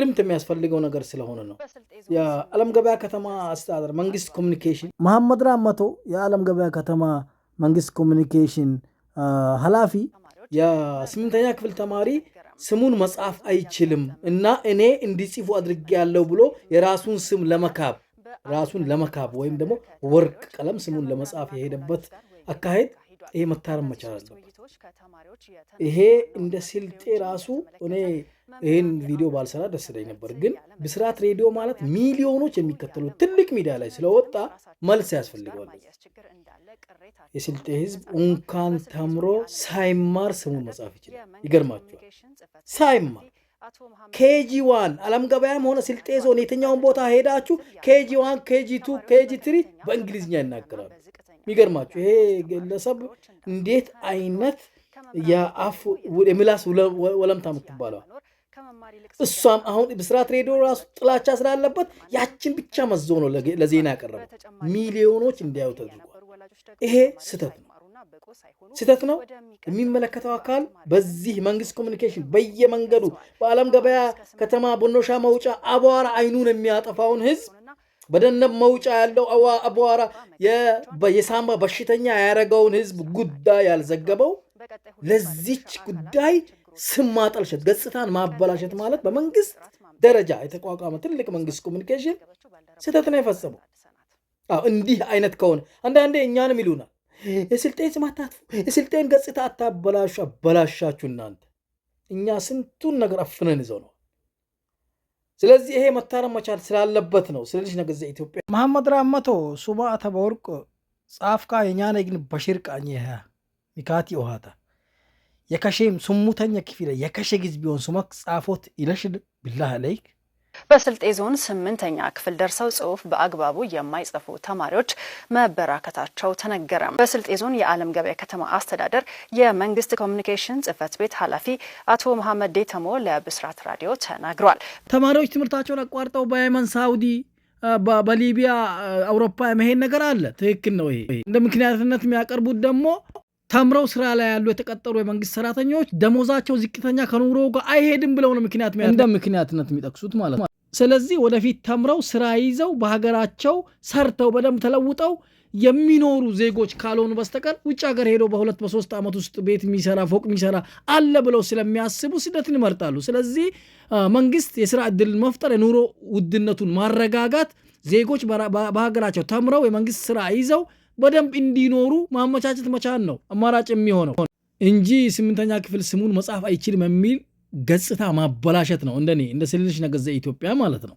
ርምት የሚያስፈልገው ነገር ስለሆነ ነው። የዓለም ገበያ ከተማ አስተዳደር መንግስት ኮሚኒኬሽን መሐመድ ራመቶ የዓለም ገበያ ከተማ መንግስት ኮሚኒኬሽን ኃላፊ የስምንተኛ ክፍል ተማሪ ስሙን መጻፍ አይችልም እና እኔ እንዲጽፉ አድርጌ ያለው ብሎ የራሱን ስም ለመካብ ራሱን ለመካብ ወይም ደግሞ ወርቅ ቀለም ስሙን ለመጻፍ የሄደበት አካሄድ ይሄ መታረም መቻል አለበት። ይሄ እንደ ስልጤ ራሱ እኔ ይህን ቪዲዮ ባልሰራ ደስ ይለኝ ነበር፣ ግን ብስራት ሬዲዮ ማለት ሚሊዮኖች የሚከተሉት ትልቅ ሚዲያ ላይ ስለወጣ መልስ ያስፈልገዋል። የስልጤ ህዝብ እንኳን ተምሮ ሳይማር ስሙን መጻፍ ይችላል። ይገርማቸዋል። ሳይማር ኬጂ ዋን አለም ገበያም ሆነ ስልጤ ዞን የትኛውን ቦታ ሄዳችሁ ኬጂ ዋን፣ ኬጂ ቱ፣ ኬጂ ትሪ በእንግሊዝኛ ይናገራሉ። የሚገርማችሁ ይሄ ግለሰብ እንዴት አይነት የአፍ የምላስ ወለምታ ምትባለዋል። እሷም አሁን ብስራት ሬዲዮ ራሱ ጥላቻ ስላለበት ያችን ብቻ መዞ ነው ለዜና ያቀረበው፣ ሚሊዮኖች እንዲያዩ ተደርጓል። ይሄ ስህተት ነው፣ ስህተት ነው። የሚመለከተው አካል በዚህ መንግስት ኮሚኒኬሽን በየመንገዱ በዓለም ገበያ ከተማ ቦኖሻ መውጫ አቧራ አይኑን የሚያጠፋውን ህዝብ በደነብ መውጫ ያለው አቧራ የሳምባ በሽተኛ ያደረገውን ህዝብ ጉዳይ ያልዘገበው ለዚች ጉዳይ ስም ማጠልሸት፣ ገጽታን ማበላሸት ማለት በመንግስት ደረጃ የተቋቋመ ትልቅ መንግስት ኮሚኒኬሽን ስህተት ነው የፈጸመው። እንዲህ አይነት ከሆነ አንዳንዴ እኛንም ይሉናል፣ የስልጤን ስም አታጥፉ፣ የስልጤን ገጽታ አታበላሹ፣ አበላሻችሁ እናንተ። እኛ ስንቱን ነገር አፍነን ይዘው ነው ስለዚህ ይሄ መታረም መቻል ስላለበት ነው ስለልሽ ነገር ዘ ኢትዮጵያ መሐመድ ራመቶ ሱባ ተበወርቅ ጻፍካ የኛነ ግን በሽር ቃኝ ሚካቲ ውሃታ የከሼም ስሙተኛ ክፊለ የከሼ ጊዝ ቢሆን ሱመክ ጻፎት ይለሽድ ብላህ ለይክ በስልጤ ዞን ስምንተኛ ክፍል ደርሰው ጽሁፍ በአግባቡ የማይጽፉ ተማሪዎች መበራከታቸው ተነገረም። በስልጤ ዞን የዓለም ገበያ ከተማ አስተዳደር የመንግስት ኮሚኒኬሽን ጽህፈት ቤት ኃላፊ አቶ መሐመድ ዴተሞ ለብስራት ራዲዮ ተናግሯል። ተማሪዎች ትምህርታቸውን አቋርጠው በየመን፣ ሳውዲ፣ በሊቢያ፣ አውሮፓ የመሄድ ነገር አለ። ትክክል ነው። ይሄ እንደ ምክንያትነት የሚያቀርቡት ደግሞ ተምረው ስራ ላይ ያሉ የተቀጠሩ የመንግስት ሰራተኞች ደሞዛቸው ዝቅተኛ ከኑሮ ጋር አይሄድም ብለው ነው ምክንያት እንደ ምክንያትነት የሚጠቅሱት ማለት ነው። ስለዚህ ወደፊት ተምረው ስራ ይዘው በሀገራቸው ሰርተው በደንብ ተለውጠው የሚኖሩ ዜጎች ካልሆኑ በስተቀር ውጭ ሀገር ሄዶ በሁለት በሶስት ዓመት ውስጥ ቤት የሚሰራ ፎቅ የሚሰራ አለ ብለው ስለሚያስቡ ስደትን ይመርጣሉ። ስለዚህ መንግስት የስራ እድል መፍጠር፣ የኑሮ ውድነቱን ማረጋጋት፣ ዜጎች በሀገራቸው ተምረው የመንግስት ስራ ይዘው በደንብ እንዲኖሩ ማመቻቸት መቻል ነው አማራጭ የሚሆነው እንጂ ስምንተኛ ክፍል ስሙን መጻፍ አይችልም የሚል ገጽታ ማበላሸት ነው። እንደኔ እንደ ስልሽ ነገር ዘ ኢትዮጵያ ማለት ነው።